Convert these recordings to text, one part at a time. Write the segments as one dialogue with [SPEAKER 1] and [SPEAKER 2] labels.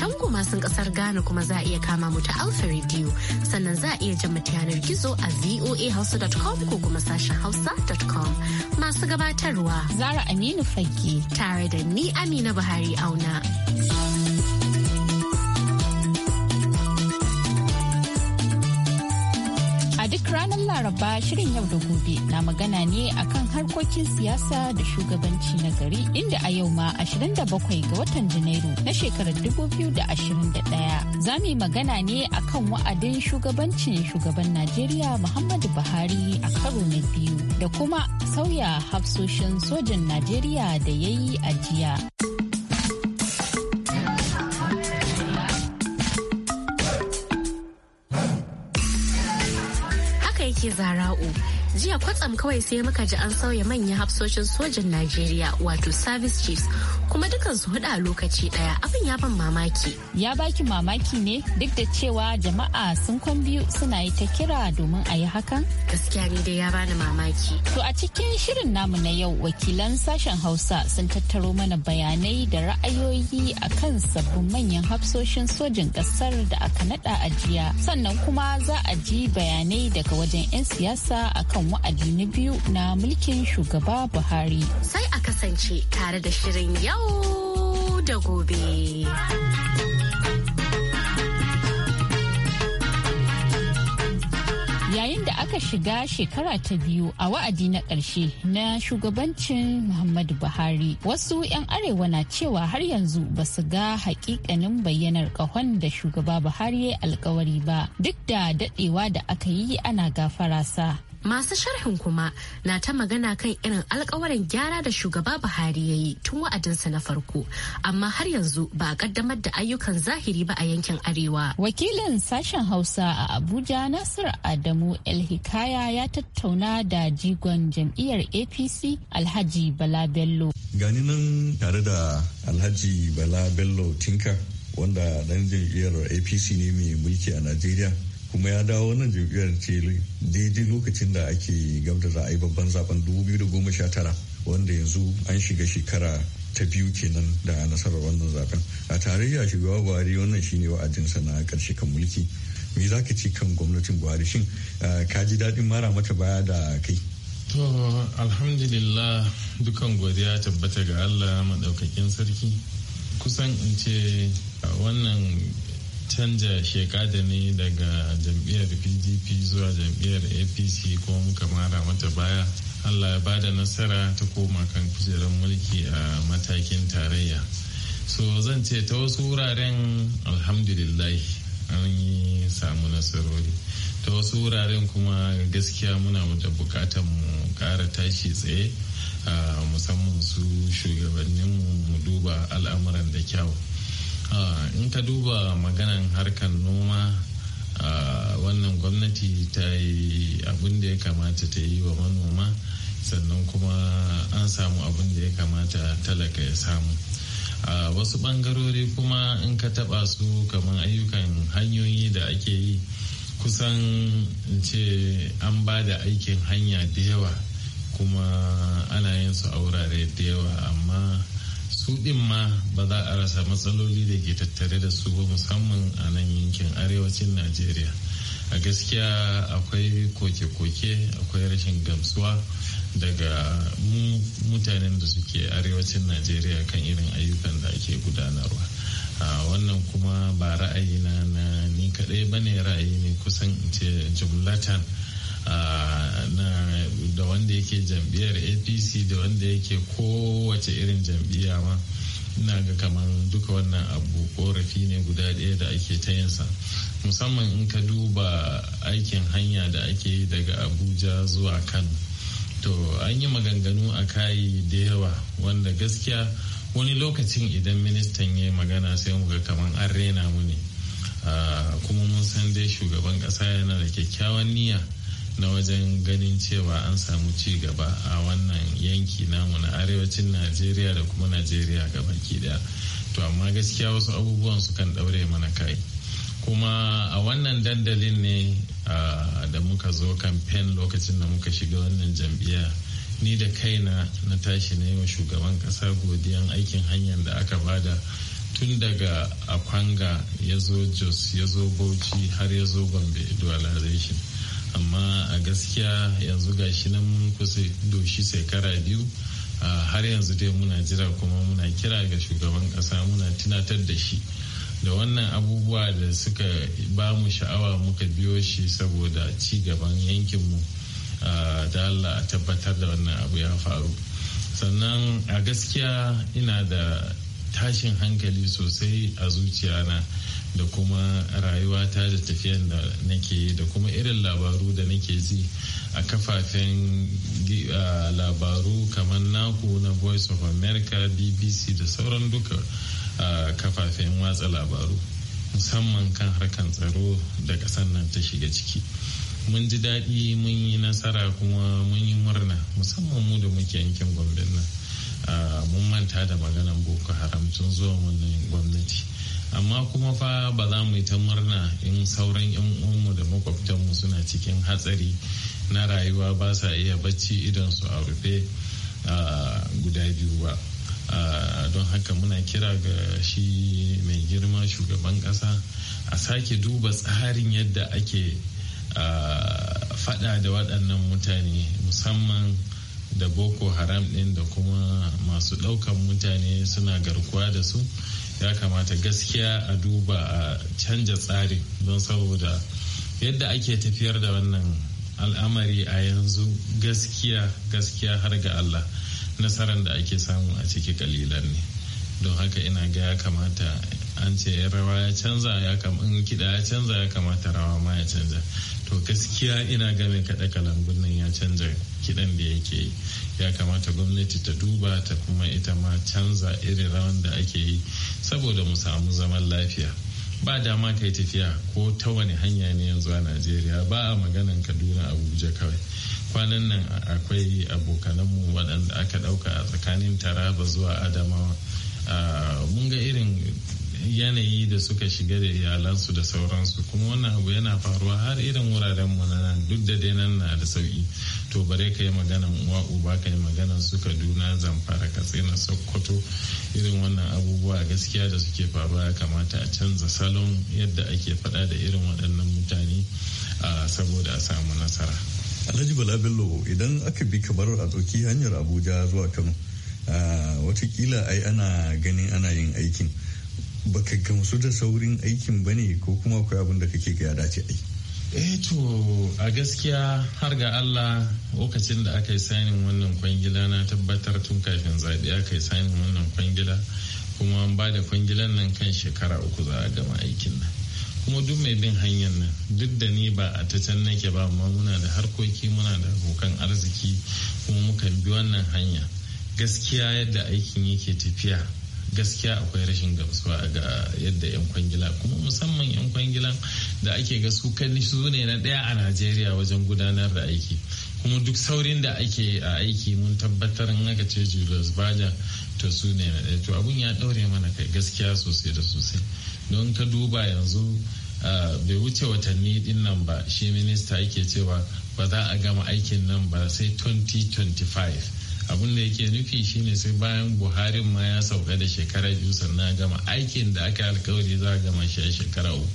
[SPEAKER 1] can goma sun kasar Ghana kuma za a iya kama mu ta Alpha Radio sannan za a iya jan mu yanar gizo a voahausa.com ko kuma sashen hausa.com masu gabatarwa Zara Aminu Fagge tare da ni Amina Buhari Auna.
[SPEAKER 2] duk ranar Laraba shirin yau da gobe na magana ne akan harkokin siyasa da shugabanci na gari inda a yau ma 27 ga watan Janairu na shekarar 2021 za mu yi magana ne akan wa'adin shugabancin shugaban Najeriya Muhammadu Buhari a karo na biyu da kuma sauya hafsoshin sojan Najeriya da ya yi a jiya.
[SPEAKER 1] ke zara'u jiya kwatsam kawai sai muka ji an sauya manyan hafsoshin sojan najeriya wato service chiefs
[SPEAKER 2] kuma dukansu hudu a lokaci daya abin ya ban mamaki ya baki mamaki ne duk da cewa jama'a sun kwan biyu suna yi ta kira domin a yi hakan gaskiya ne dai ya bani mamaki to a cikin shirin namu na yau wakilan sashen hausa sun tattaro mana bayanai da ra'ayoyi akan sabbin manyan hafsoshin sojin kasar da aka nada a jiya sannan kuma za a ji bayanai daga wajen 'yan siyasa akan kan wa'adi na biyu na mulkin shugaba Buhari.
[SPEAKER 1] Sai a kasance tare da shirin yau
[SPEAKER 2] da gobe. yayin da aka shiga shekara ta biyu a wa'adi na ƙarshe na shugabancin muhammadu buhari wasu 'yan arewa na cewa har yanzu ba su ga hakikanin bayyanar kahon da shugaba buhari ya alkawari ba duk da daɗewa da aka yi ana gafarasa Masu sharhin
[SPEAKER 1] kuma na ta magana kan irin alkawarin gyara da shugaba Buhari ya yi tun wa'adinsa na
[SPEAKER 2] farko, amma har yanzu ba a kaddamar da ayyukan zahiri ba a yankin Arewa. Wakilin sashen Hausa a Abuja Nasir Adamu El-Hikaya ya tattauna da jigon jam'iyyar APC Alhaji Bala Bello.
[SPEAKER 3] Gani nan tare da Alhaji Bala Bello Tinka wanda dan jam'iyyar APC ne mai mulki a Najeriya. kuma ya dawo wannan jam'iyyar ce daidai lokacin da ake gab da za a yi babban zaben 2019 wanda yanzu an shiga shekara ta biyu kenan da nasarar wannan zaben a tarayya shugaba buhari wannan shine wa'adinsa na karshe kan mulki me za ka ci kan gwamnatin buhari shin ka ji daɗin mara mata baya da kai
[SPEAKER 4] to alhamdulillah dukan godiya tabbata ga allah maɗaukakin sarki kusan in ce wannan canja sheka da ne daga jam'iyyar pdp zuwa jam'iyyar apc ko muka mara mata baya allah ya ba da nasara ta koma kan kujerar mulki a matakin tarayya so zan ce ta wasu wuraren alhamdulillah an yi samu nasarori ta wasu wuraren kuma gaskiya muna da bukatar mu kara tashi tsaye a musamman su shugabanninmu mu duba al'amuran da kyau Ah, in ka duba maganan harkar noma ah, wannan gwamnati ta yi abin da ya kamata ta yi wa manoma sannan kuma an samu abin da ya kamata talaka ya samu a ah, wasu bangarori kuma in ka taba su kamar ayyukan hanyoyi da ake yi kusan ce an ba da aikin hanya da yawa kuma ana yin su a wurare da yawa amma su ɗin ma ba za a rasa matsaloli da ke tattare da su ba musamman a nan yankin arewacin najeriya a gaskiya akwai koke-koke akwai rashin gamsuwa daga mutanen da suke arewacin najeriya kan irin ayyukan da ake gudanarwa a wannan kuma ba ra'ayi na ni kadai ba ne ra'ayi ne kusan ce jumlatan da wanda yake jam'iyyar apc da wanda yake kowace irin jam'iyya ma ina ga kamar duka wannan abu korafi ne guda ɗaya da ake ta yinsa musamman in ka duba aikin hanya da ake yi daga abuja zuwa kano to an yi maganganu a kayi da yawa wanda gaskiya wani lokacin idan ministan ya magana sai mu ga kamar an rena mu ne kuma mun san dai shugaban ƙasa yana da kyakkyawan niyya na wajen ganin cewa an samu ci gaba a wannan yanki namu na arewacin najeriya da kuma najeriya gabaki daya to amma gaskiya wasu abubuwan su kan daure mana kai kuma a wannan dandalin ne da muka zo kamfen lokacin da muka shiga wannan jam'iyya ni da kaina na tashi na yi wa shugaban kasa godiyan aikin hanyar da aka bada tun daga akwanga ya zo jos ya zo bauchi har ya zo gombe dualization amma a gaskiya yanzu gashi nan mun kusa doshi shekara biyu har yanzu dai muna jira kuma muna kira ga shugaban kasa muna tunatar da shi da wannan abubuwa da suka ba mu sha'awa muka biyo shi saboda ci gaban yankinmu da Allah a tabbatar da wannan abu ya faru sannan a gaskiya ina da tashin hankali sosai a zuciyana da kuma rayuwata da tafiyan da nake da kuma irin labaru da nake ji a kafafen labaru kamar naku na voice of america bbc da sauran duka a kafafen watsa labaru musamman kan harkan tsaro da kasan nan ta shiga ciki mun ji daɗi mun yi nasara kuma mun yi murna musamman mu da muke yankin gwamnati nan mun manta da maganan boko haram tun zuwa wannan gwamnati amma kuma fa ba za mu yi ta murna in sauran 'yan uwanmu da makwabtanmu suna cikin hatsari na rayuwa ba sa iya bacci idan su a rufe guda biyu ba don haka muna kira ga shi mai girma shugaban ƙasa a sake duba tsarin yadda ake fada da waɗannan mutane musamman da boko haram ɗin da kuma masu ɗaukan mutane suna garkuwa da su ya kamata gaskiya a duba a canja tsarin don saboda yadda ake tafiyar da wannan al'amari a yanzu gaskiya gaskiya har ga allah nasarar da ake samu a ciki kalilan ne don haka ina ga ya kamata an ce rawa ya canza ya in kiɗa ya canza ya kamata rawa ma ya canza to gaskiya ina ga mai kaɗa kalambun nan ya canza kiɗan da yake yi ya kamata gwamnati ta duba ta kuma ita ma canza irin rawan da ake yi saboda mu samu zaman lafiya ba dama ka yi tafiya ko ta wani hanya ne yanzu a najeriya ba a maganan kaduna abuja kawai kwanan nan akwai abokananmu waɗanda aka ɗauka a tsakanin taraba zuwa adamawa ah, mun ga irin yanayi da suka shiga da iyalansu da sauransu kuma wannan abu yana faruwa har irin wuraren mu nan duk da dai nan na da sauki to bare ka yi maganan uwa uba ka yi maganan su kaduna zamfara na sokoto irin wannan abubuwa gaskiya da suke faruwa ya kamata a canza salon yadda ake faɗa da irin waɗannan mutane saboda a samu nasara
[SPEAKER 3] alhaji bala bello idan aka bi kamar a ɗauki hanyar abuja zuwa kano watakila ai ana ganin ana yin aikin baka gamsu da saurin aikin ba ne ko kuma akwai abin da kake ga ya dace ai
[SPEAKER 4] eh to a gaskiya har ga Allah lokacin da aka yi sainin wannan kwangila na tabbatar tun kafin zaɓe aka yi sainin wannan kwangila kuma an ba da kwangilan nan kan shekara uku za a gama aikin nan kuma duk mai bin hanyar nan duk da ni ba a ta can nake ba amma muna da harkoki muna da abokan arziki kuma mukan bi wannan hanya gaskiya yadda aikin yake tafiya gaskiya akwai rashin gamsuwa ga yadda 'yan kwangila kuma musamman 'yan kwangilan da ake ga su su ne na ɗaya a najeriya wajen gudanar da aiki kuma duk saurin da ake a aiki mun tabbatar in aka ce julius baja to su ne na ɗaya to abun ya daure mana kai gaskiya sosai da sosai don ka duba yanzu bai wuce watanni din nan ba shi minista yake cewa ba za a gama aikin nan ba sai 2025 abin da yake nufi shine sai bayan buhari ma ya sauka da shekara biyu sannan gama aikin da aka yi alkawari za a gama shi a shekara uku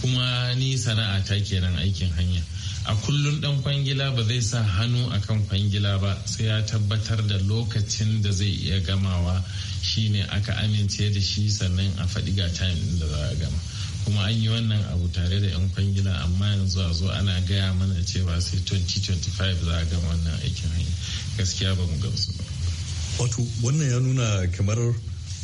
[SPEAKER 4] kuma ni sana'a ta kenan aikin hanya a kullum dan kwangila ba zai sa hannu akan kwangila ba sai ya tabbatar da lokacin da zai iya gamawa shine aka amince da shi sannan a faɗi ga time da za a gama kuma an yi wannan abu tare da 'yan kwangila amma yanzu a zo ana gaya mana cewa sai 2025 za a gama wannan aikin hanya gaskiya ba mu gamsu ba
[SPEAKER 3] wato wannan ya nuna kamar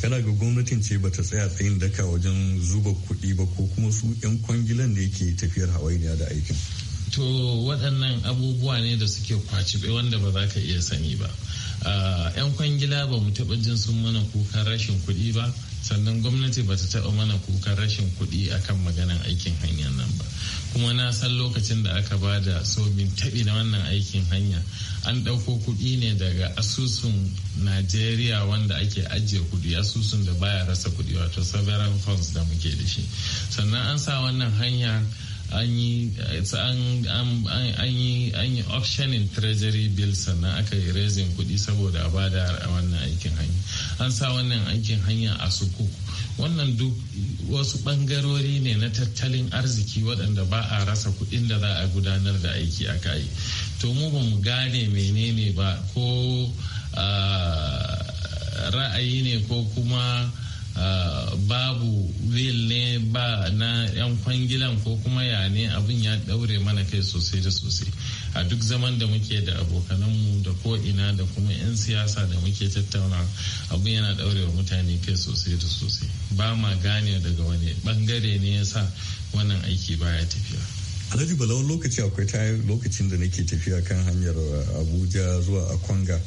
[SPEAKER 3] kana ga gwamnatin ce bata tsaya tsayin daka wajen zuba kuɗi ba ko kuma su 'yan kwangilan da yake tafiyar hawainiya da aikin
[SPEAKER 4] to waɗannan abubuwa ne da suke kwacibe wanda ba za ka iya sani ba yan ah, kwangila ba mu taɓa jin sun mana kukan rashin kuɗi ba sannan gwamnati ba ta taɓa mana kukan rashin kuɗi akan maganan aikin hanyar nan ba kuma na san lokacin da aka ba da sobin taɓi na wannan aikin hanya an ɗauko kuɗi ne daga asusun najeriya wanda ake ajiye kuɗi asusun da baya rasa kuɗi wato several funds da muke da shi sannan an sa wannan hanya an yi an yi treasury bill sannan aka yi raising kuɗi saboda a ba da wannan aikin hanya an sa wannan aikin hanya a sukuk wannan duk wasu bangarori ne na tattalin arziki waɗanda ba a rasa kuɗin da za a gudanar da aiki a kai to mu ba mu gane menene ba ko ra'ayi ne ko kuma babu will ne ba na 'yan kwangilan ko kuma ya ne abin ya ɗaure mana kai sosai da sosai a duk zaman da muke da abokanan mu. Ko ina da kuma 'yan siyasa da muke tattauna abin yana daurewa mutane kai sosai da sosai ba ma gane daga wani bangare ne ya sa wannan aiki baya tafiya
[SPEAKER 3] alhaji balawar lokaci akwai ta lokacin da nake tafiya kan hanyar abuja zuwa akwanga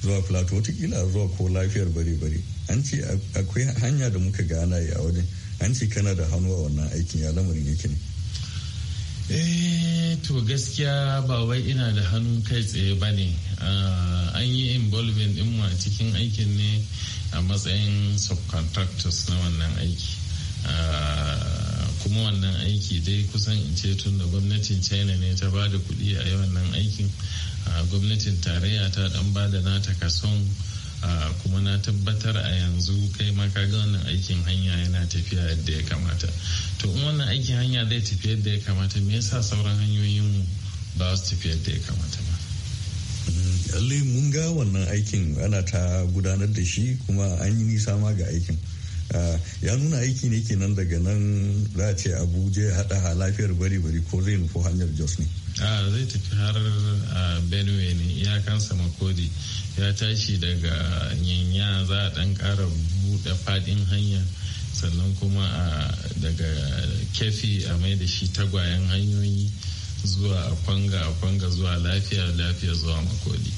[SPEAKER 3] zuwa plateau watakila zuwa ko lafiyar bare-bare an ce akwai hanya da muka gana a wajen an ce kana da hannu a wannan aikin ya lamarin yake ne
[SPEAKER 4] eh to gaskiya ba wai ina da hannu kai tsaye ba ne Ah, an yi involvement din mu a cikin aikin ne a matsayin subcontractors na wannan aiki ah, kuma wannan aiki dai kusan in ce tun da gwamnatin china ne ta ba da kuɗi a yi wannan aikin ah, gwamnatin tarayya ta dan ba da nata kason kuma na tabbatar a yanzu kai maka ga wannan aikin hanya yana tafiya yadda ya kamata to in wannan aikin hanya zai tafi yadda ya kamata me yasa sauran hanyoyin mu ba su tafi yadda ya kamata ba
[SPEAKER 3] lallai mun ga wannan aikin ana ta gudanar da shi kuma an yi nisa ma ga aikin ya nuna aiki ne kenan daga nan za a ce abuja ya haɗa lafiyar bari-bari ko zai nufo hanyar jos ne
[SPEAKER 4] a zai tafi har benue ne iyakansa makodi ya tashi daga yanya za a ɗan ƙara buɗe faɗin hanya sannan kuma daga kefi a mai da shi tagwayen hanyoyi zuwa fanga fanga zuwa lafiya lafiya zuwa makoli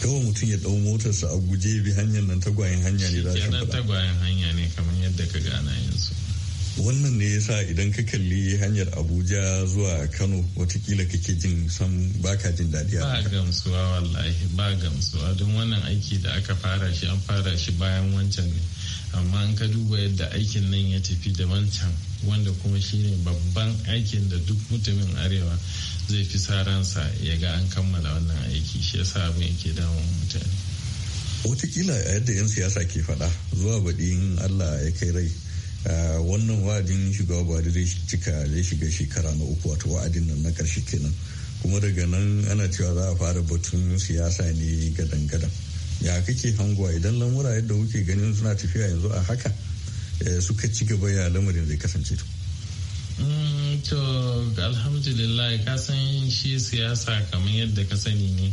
[SPEAKER 3] kawai mutum ya dau motarsa a guje bi hanyar nan tagwayen hanya ne da shi tagwayen hanya ne kamar yadda ka gana yanzu wannan ne ya sa idan ka kalli hanyar
[SPEAKER 4] abuja zuwa
[SPEAKER 3] kano watakila kake jin san baka jin daɗi ba
[SPEAKER 4] gamsuwa wallahi ba gamsuwa don wannan aiki da aka fara shi an fara shi bayan wancan ne amma an ka duba yadda aikin nan ya tafi da wancan wanda kuma shine babban aikin da duk mutumin arewa zai fi sa ransa ya ga an kammala wannan aiki shi ya sa abin yake damun mutane
[SPEAKER 3] watakila yadda 'yan siyasa ke faɗa zuwa baɗi in allah ya kai rai wannan wa'adin shugaba buhari zai cika zai shiga shekara na uku wato wa'adin nan na ƙarshe kenan kuma daga nan ana cewa za a fara batun siyasa ne gadan-gadan ya kake hangowa idan lamura yadda kuke ganin suna tafiya yanzu a haka eh, suka ci gaba ya lamarin zai kasance to
[SPEAKER 4] mm, to alhamdulillah ka san shi siyasa kamar yadda ka sani ne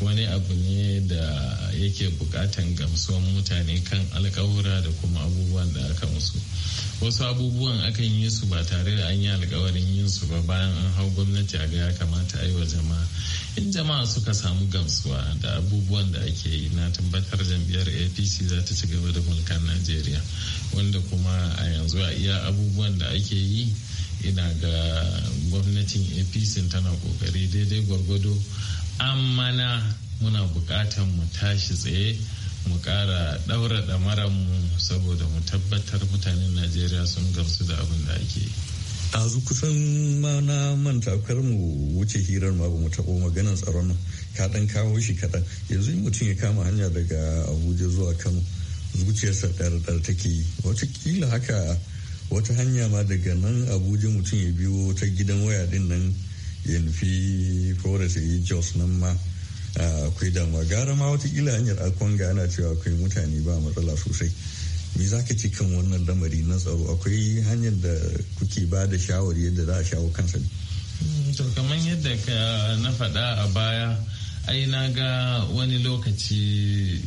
[SPEAKER 4] wani abu ne da yake bukatan gamsuwan mutane kan alkawura da kuma abubuwan da aka musu wasu abubuwan akan yi su ba tare da an yi alkawarin yin su ba bayan an hau gwamnati a ga ya kamata a yi wa jama'a in jama'a suka samu gamsuwa da abubuwan da ake yi na tabbatar jam'iyyar apc za ta ci gaba da mulkan najeriya wanda kuma a yanzu a iya abubuwan da ake yi ina ga gwamnatin apc tana kokari daidai gwargwado mana muna bukatan mu tashi tsaye mu kara daura mu saboda mu tabbatar mutanen najeriya sun gamsu da abin da ake yi
[SPEAKER 3] kusan ma na manta kar mu wuce hirar ma ba mu taɓo maganar tsaron ka ɗan kawo shi kaɗan yanzu mutum ya kama hanya daga abuja zuwa kano zuciyarsa ɗarɗar take yi watakila haka wata hanya ma daga nan abuja mutum ya biyo ta gidan waya ɗin nan yanfi ko da yi jos nan ma akwai damuwa gara ma watakila hanyar akwanga ana cewa akwai mutane ba matsala sosai me za ka ci kan wannan lamari na tsaro akwai hanyar da kuke ba da shawari yadda za a shawo kansa ne
[SPEAKER 4] mm, to kamar yadda na faɗa a baya ai na ga wani lokaci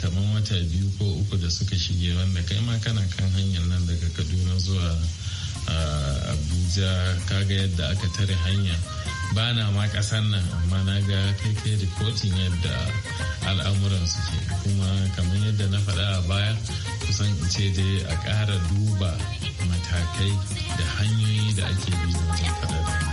[SPEAKER 4] kamar wata biyu ko uku da suka shige wanda kai ma kana kan hanyar nan daga kaduna zuwa a abuja kaga yadda aka tare hanya ba na ma kasar nan amma na ga kai reporting yadda al'amuran suke kuma kamar yadda na faɗa a baya kusan in ce dai a ƙara duba matakai da hanyoyi da ake bi wajen faɗa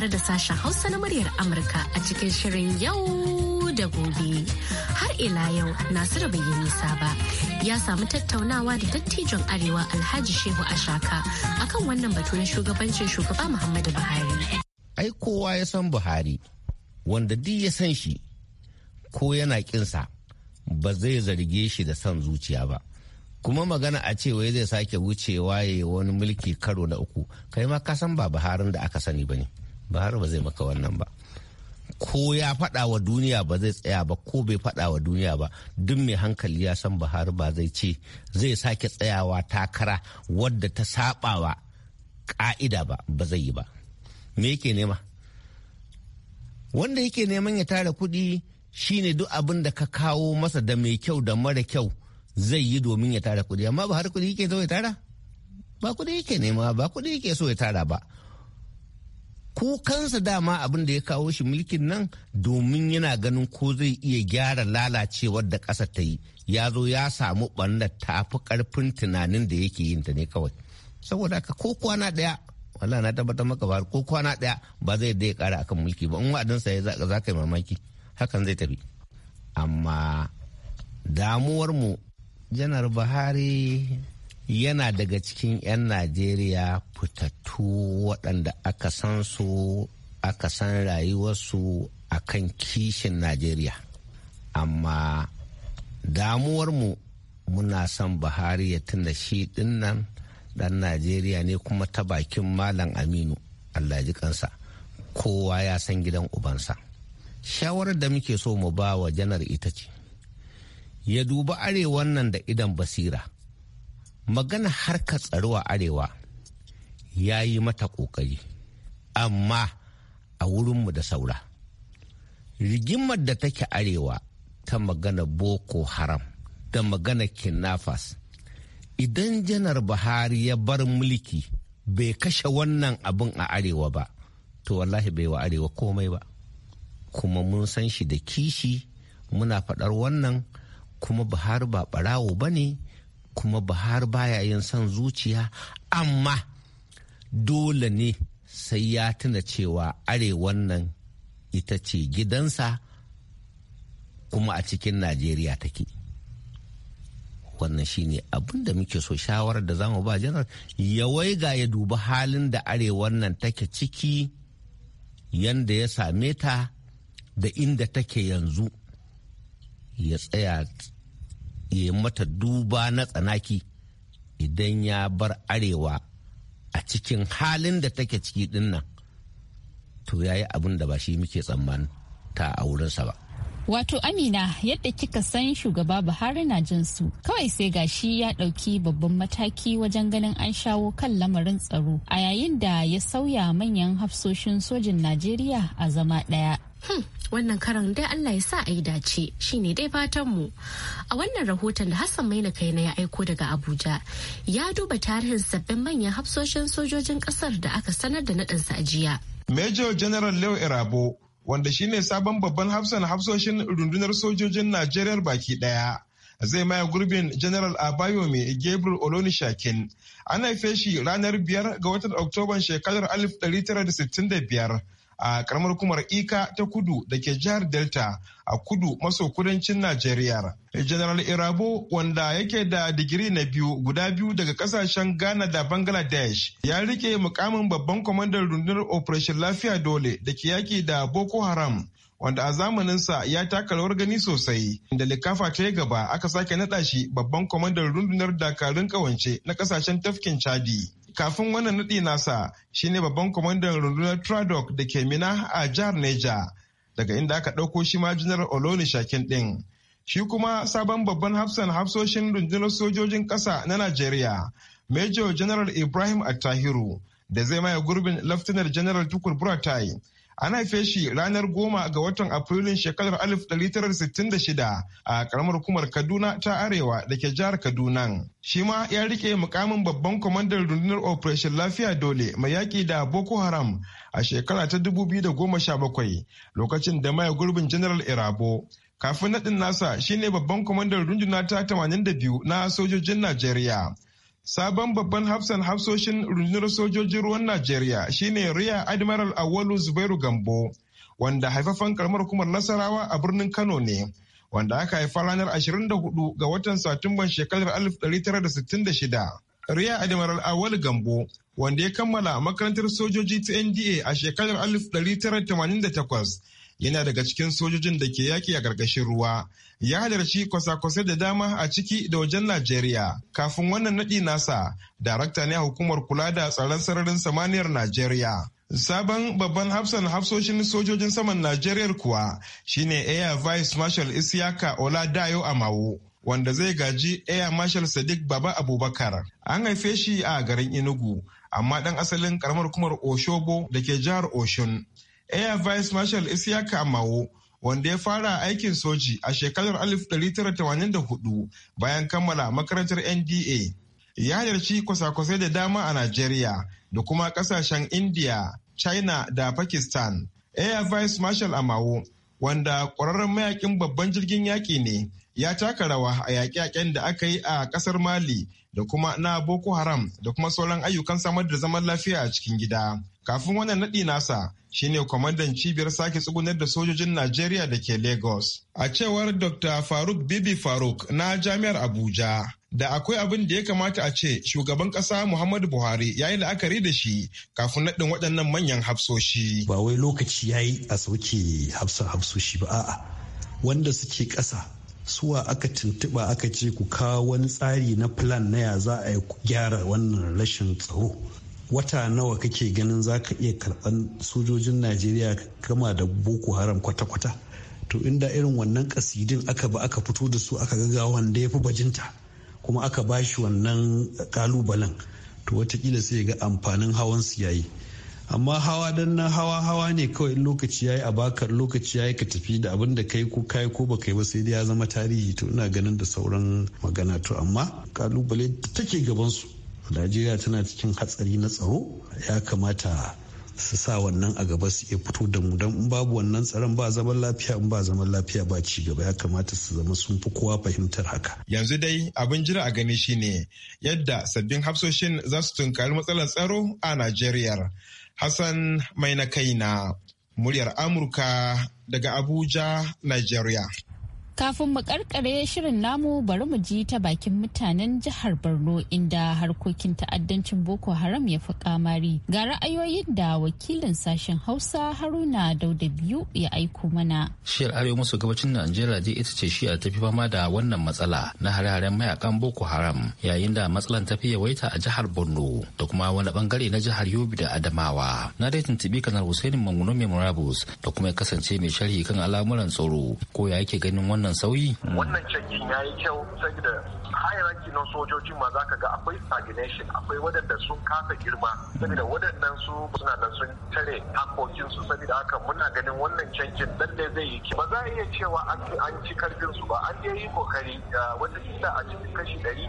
[SPEAKER 1] tare da sashen Hausa na muryar Amurka a cikin shirin yau da gobe. Har ila yau Nasiru bai yi nisa ba. Ya samu tattaunawa da dattijon Arewa Alhaji Shehu Ashaka akan wannan batu na shugabancin shugaba Muhammadu Buhari.
[SPEAKER 5] Ai kowa ya san Buhari, wanda duk ya san shi ko yana kinsa ba zai zarge shi da son zuciya ba. kuma magana a ce wai zai sake wucewa ya yi wani mulki karo na uku kai ma ka san ba buharin da aka sani ba ne Ba har ba zai maka wannan ba ko ya faɗa wa duniya ba zai tsaya ba ko bai faɗa wa duniya ba duk mai hankali ya san bahar ba zai ce zai sake tsayawa takara wadda ta saɓawa ƙa'ida ba ba zai yi ba me yake nema wanda yake neman ya tara kuɗi shine duk abin da ka kawo masa da mai kyau da mara kyau zai yi domin ya tara kuɗi amma ba har kuɗi yake so ya tara ba kuɗi yake nema ba kuɗi yake so ya tara ba kukansa dama abin da ya kawo shi mulkin nan domin yana ganin ko zai iya gyara lalacewar da ƙasa ta yi ya zo ya samu ɓannar tafi ƙarfin tunanin da yake yin ta ne kawai saboda haka ko kwana ɗaya wala na tabbatar maka ba ko kwana ɗaya ba zai da ya ƙara akan mulki ba in wa'adinsa ya za ka mamaki hakan zai tafi amma damuwar mu janar buhari yana daga cikin 'yan najeriya fitattu waɗanda aka san su aka san rayuwarsu a kan kishin najeriya amma damuwar mu muna son buhari ya tuna shi dinnan ɗan najeriya ne kuma ta bakin malam aminu allah ji kansa kowa ya san gidan ubansa shawarar da muke so mu ba wa janar ita ce ya duba arewan nan da idan basira magana harka tsaro a arewa ya yi mata ƙoƙari amma a wurinmu da saura rigimar da take arewa ta magana boko haram da magana kinnafas idan janar buhari ya bar mulki bai kashe wannan abin a arewa ba to wallahi bai wa arewa komai ba kuma mun san shi da kishi muna faɗar wannan kuma buhari ba ɓarawo ba ne kuma Buhari baya yin son zuciya amma dole ne sai ya tuna cewa arewan nan ita ce gidansa kuma a cikin Najeriya take. Wannan shi ne abin da muke so shawarar da zamu ba janar ya waiga ya dubi halin da arewan nan take ciki yanda ya same ta da inda take yanzu ya tsaya ya mata duba na tsanaki idan ya bar arewa a cikin halin da take ciki dinnan to ya yi abin da ba shi muke tsammanin ta a wurinsa ba.
[SPEAKER 2] Wato Amina yadda kika san shugaba Buhari na jin su kawai sai gashi ya ɗauki babban mataki wajen ganin an shawo kan lamarin tsaro a yayin da ya sauya manyan hafsoshin sojin Najeriya a zama ɗaya Hmm, wannan karan dai Allah ya sa a yi dace shi ne dai
[SPEAKER 1] fatanmu. A wannan rahoton da Hassan Maina kai na ya aiko daga Abuja ya duba tarihin sabbin manyan hafsoshin sojojin kasar da aka sanar da naɗinsa a jiya.
[SPEAKER 6] Major General Leo Irabo wanda shine sabon babban hafsan hafsoshin rundunar sojojin Najeriya baki ɗaya. zai maya gurbin general abayomi gabriel olonishakin an haife shi ranar biyar ga watan oktoban shekarar 1965 a karamar hukumar ika ta kudu da ke jihar delta a kudu maso kudancin najeriya general irabo wanda yake da digiri na biyu guda biyu daga kasashen ghana da bangladesh ya rike mukamin babban kwamandan rundunar operation lafiya dole da ke yaki da boko haram wanda a zamaninsa ya taka rawar gani sosai da likafa ta yi gaba aka sake naɗa shi babban kwamandan rundunar dakarun kawance na kasashen tafkin chadi Kafin wannan naɗi nasa shine babban kwamandan rundunar Tradoc da ke mina a jihar Neja daga inda aka ɗauko shi ma janar Oloni Shakin ɗin. Shi kuma sabon babban hafsan hafsoshin rundunar sojojin ƙasa na Najeriya, Major General Ibrahim Attahiru da zai maye gurbin lieutenant General Tukur Buratai An haife shi ranar goma ga watan Afrilun shekarar 1966 a karamar hukumar Kaduna ta Arewa da ke jihar Kaduna. Shi ma ya rike mukamin babban kwamandan rundunar Operation Lafiya Dole mai yaki da Boko Haram a shekara ta 2017 lokacin da maya gurbin General Irabo. Kafin naɗin nasa shine babban kwamandan runduna ta 82 na sojojin Najeriya. Sabon babban hafsan hafsoshin rundunar sojojin ruwan Najeriya shine Riya Admiral Awalu Zubairu Gambo, wanda haifafan karamar hukumar Nasarawa a birnin Kano ne, wanda aka haifa ranar 24 ga watan Satumban shekarar 1966. Riya Admiral Awolu Gambo, wanda ya kammala makarantar sojoji ta NDA a shekarar 1988 yana daga cikin sojojin da ke yaki a ƙarƙashin ruwa ya halarci kwasa-kwasai da dama a ciki da wajen Najeriya. Kafin wannan naɗi nasa, darakta ne a hukumar kula da tsaron sararin samaniyar Najeriya. Sabon babban hafsan hafsoshin sojojin saman Najeriya kuwa shine Air Vice Marshal Isiyaka Dayo Amawo. Wanda zai gaji Air Marshal Sadiq Baba Abubakar. An haife shi a garin Enugu, amma ɗan asalin karamar kumar Oshobo da ke jihar Oshun. air vice marshal Isiaka amawo wanda ya fara aikin soji a shekarar 1984 bayan kammala makarantar nda ya halarci kwasa-kwasai da dama a Najeriya da kuma kasashen India, China da Pakistan. Air Vice Marshal Amawo, wanda ƙwararren mayakin babban jirgin yaki ne, ya taka rawa a yaƙe-yaƙen da aka yi a ƙasar Mali da kuma na Boko Haram da kuma sauran ayyukan samar da zaman lafiya a cikin gida. Kafin wannan naɗi nasa shine kwamandan cibiyar sake tsugunar da sojojin Najeriya da ke Lagos. A cewar Dr. Faruk Bibi Faruk na Jami'ar Abuja. Da akwai abin da ya kamata a ce shugaban ƙasa Muhammadu Buhari ya yi la'akari da shi kafin naɗin waɗannan manyan hafsoshi. Ba wai lokaci ya yi a sauke hafsa hafsoshi ba a'a wanda suke ƙasa
[SPEAKER 3] suwa aka tuntuɓa aka ce ku kawo wani tsari na plan na ya za a yi gyara wannan rashin tsaro wata nawa kake ganin za ka iya karɓan sojojin najeriya gama da boko haram kwata-kwata to inda irin wannan kasidin aka ba aka fito da su aka ga wanda ya fi bajinta kuma aka ba shi wannan kalubalen to watakila sai ga amfanin hawan siyayi? amma hawa dan na hawa hawa ne kawai in lokaci yayi a bakar lokaci yayi ka tafi da abin da kai ko kai ko baka yi ba sai dai ya zama tarihi to ina ganin da sauran magana to amma kalubale take gaban su Najeriya tana cikin hatsari na tsaro ya kamata su sa wannan a gaba su iya
[SPEAKER 6] fito da mu don babu wannan tsaron ba zaman lafiya in ba zaman lafiya ba ci gaba ya kamata su zama sun fi kowa fahimtar haka. Yanzu dai abin jira a gani shine yadda sabbin hafsoshin za su tunkari matsalar tsaro a Najeriya. Hassan mai kaina, muryar Amurka daga Abuja, Nigeria.
[SPEAKER 2] Kafin mu karkare shirin namu bari mu ji ta bakin mutanen jihar Borno inda harkokin ta'addancin Boko Haram ya fi kamari. Ga ra'ayoyin da wakilin sashen Hausa Haruna Dauda biyu ya aiko mana.
[SPEAKER 7] Shiyar arewa maso gabacin Najeriya dai ita ce a tafi fama da wannan matsala na hare-haren mayakan Boko Haram yayin da matsalan tafi yawaita a jihar Borno da kuma wani bangare na jihar Yobe da Adamawa. Na dai tuntubi kanar Hussein Manguno murabus da kuma ya kasance mai sharhi kan al'amuran tsaro ko ya yake ganin wannan wannan sauyi
[SPEAKER 6] wannan canjin ya yi kyau da hierarchy na sojojin ma za ka ga akwai stagnation akwai waɗanda sun kasa girma saboda waɗannan
[SPEAKER 5] su suna da sun tare hakokinsu saboda haka muna ganin wannan canjin da zai yi ba za a iya cewa an ci karfin su ba an je yi kokari wata kila a cikin kashi ɗari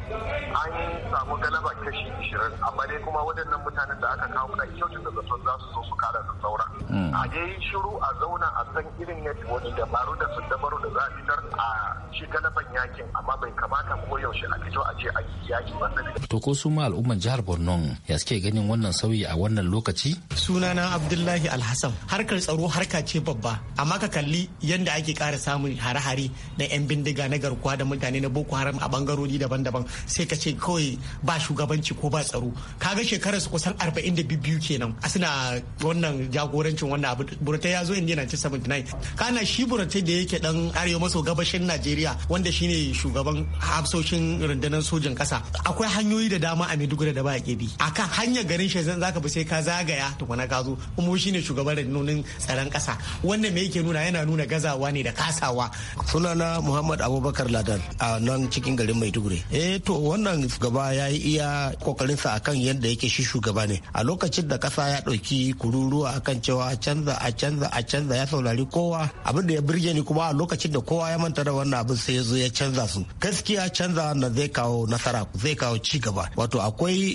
[SPEAKER 5] an samu galaba kashi ishirin amma dai kuma waɗannan mutanen da aka kawo kan kyautu da zaton za su
[SPEAKER 8] zo su kara da saura hmm. a je yi shiru a zauna a san irin yadda wani dabaru da sun dabaru da za a fitar a shi galaban yakin amma bai kamata ko yaushe a fito a ce a yaki wannan
[SPEAKER 7] to ko su ma al'umman jihar Borno ya suke ganin wannan sauyi a wannan lokaci sunana Abdullahi Alhassan harkar
[SPEAKER 5] tsaro harka ce babba amma ka kalli yadda ake ƙara samun hare-hare na yan bindiga na garkuwa da mutane na Boko Haram a bangarori daban-daban sai ka ce kawai ba shugabanci ko ba tsaro kaga shekarar su kusan 42 kenan a suna wannan jagorancin wannan abu burtai ya zo indiya 1979 kana shi burtai da yake dan arewa maso gabashin najeriya wanda shine shugaban hafsoshin rundunar sojan kasa akwai hanyoyi da dama a maiduguri da ba a kebi akan hanyar garin shezan zaka bi sai ka zagaya tukuna ka zo kuma shine shugaban rundunar tsaron kasa wanda me yake nuna yana nuna gazawa ne da kasawa sunana muhammad abubakar ladan a nan cikin garin maiduguri eh to wannan gaba ya yi iya kokarinsa akan yadda yake shi shugaba ne a lokacin da kasa ya dauki kururuwa akan cewa a canza a canza a canza ya saurari kowa abin da ya birge ni kuma a lokacin da kowa ya manta da wannan abin sai ya ya canza su gaskiya canza wannan zai kawo nasara zai kawo ci gaba wato akwai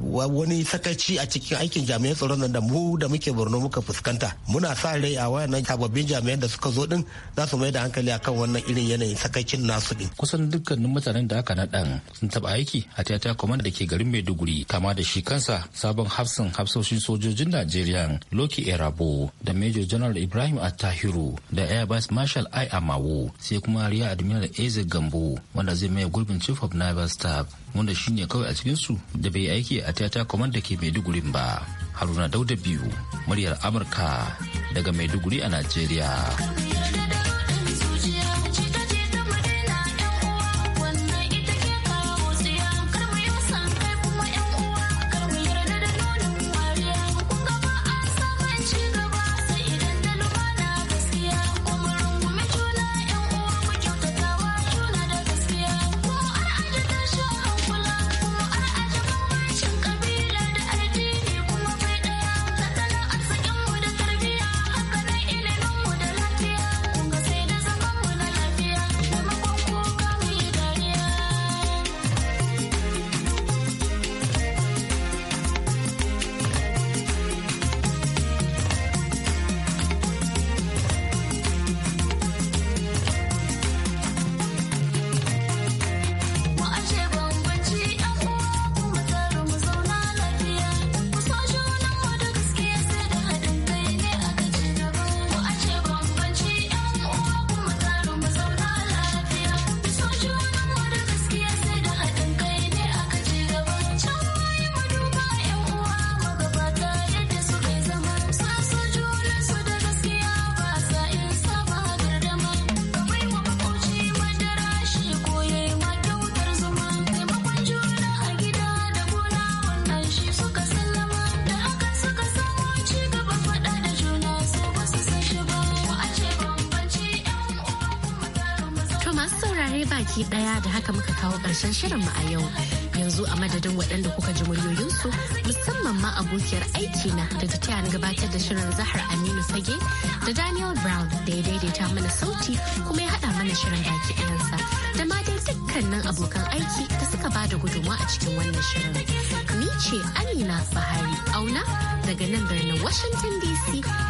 [SPEAKER 5] wani sakaci a cikin aikin jami'an tsaron nan da mu da muke borno muka fuskanta muna sa rai a wayannan sababbin jami'an da suka zo din za su mai da hankali akan wannan irin yanayin sakacin
[SPEAKER 7] nasu din kusan dukkanin mutanen da aka naɗan sun taba aiki a tiyata command da ke garin maiduguri kama da shi kansa sabon hafsin hafsoshin sojojin najeriya loki erabo da major general ibrahim attahiru da airbus marshal i amawo sai kuma Rear Admiral Eze Gambo wanda zai maye gurbin Chief of Naval Staff wanda shine kawai a cikinsu da bai aiki a tata command da ke Maiduguri ba. Haruna Dauda biyu muryar Amurka daga Maiduguri a Najeriya.
[SPEAKER 1] haka muka kawo ƙarshen shirin mu a yau yanzu a madadin waɗanda kuka ji muryoyinsu musamman ma abokiyar aiki na da ta taya gabatar da shirin zahar aminu sage da daniel brown da ya daidaita mana sauti kuma ya haɗa mana shirin baki ɗayansa da ma dai dukkanin abokan aiki da suka ba da gudunmawa a cikin wannan shirin ni ce amina bahari auna daga nan birnin washington dc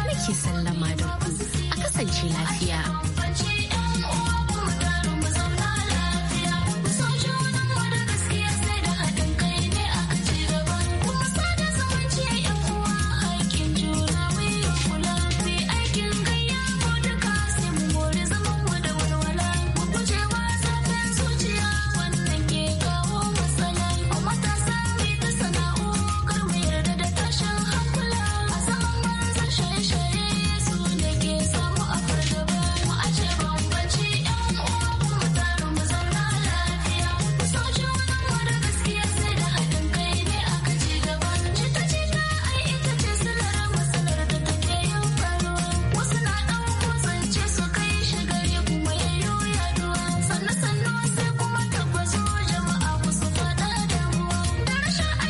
[SPEAKER 1] nake sallama da ku a kasance
[SPEAKER 8] lafiya.